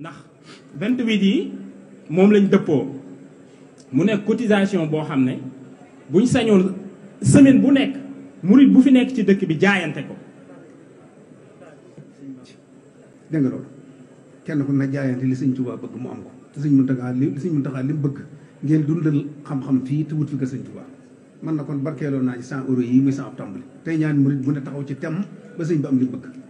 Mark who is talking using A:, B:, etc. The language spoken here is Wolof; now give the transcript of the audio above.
A: ndax 28 yi
B: moom lañ dëppoo mu nekk cotisation boo xam ne buñ sañoon
C: semaine bu nekk murit bu fi nekk ci dëkk bi jaayante ko.
D: dégg nga loolu kenn ku ne jaayante li sëñ Tuubaa bëgg mu am ko te sëñ Muntaxa li sëñ Muntaxa li mu bëgg ngeen dundal xam-xam fii te wut fi ko sëñ Tuubaa man na kon barkeeloo naa ci 100 euros yi muy sama tàmbali tey ñaan murit bu ne taxaw ci temm ba sëñ bi am li bëgg.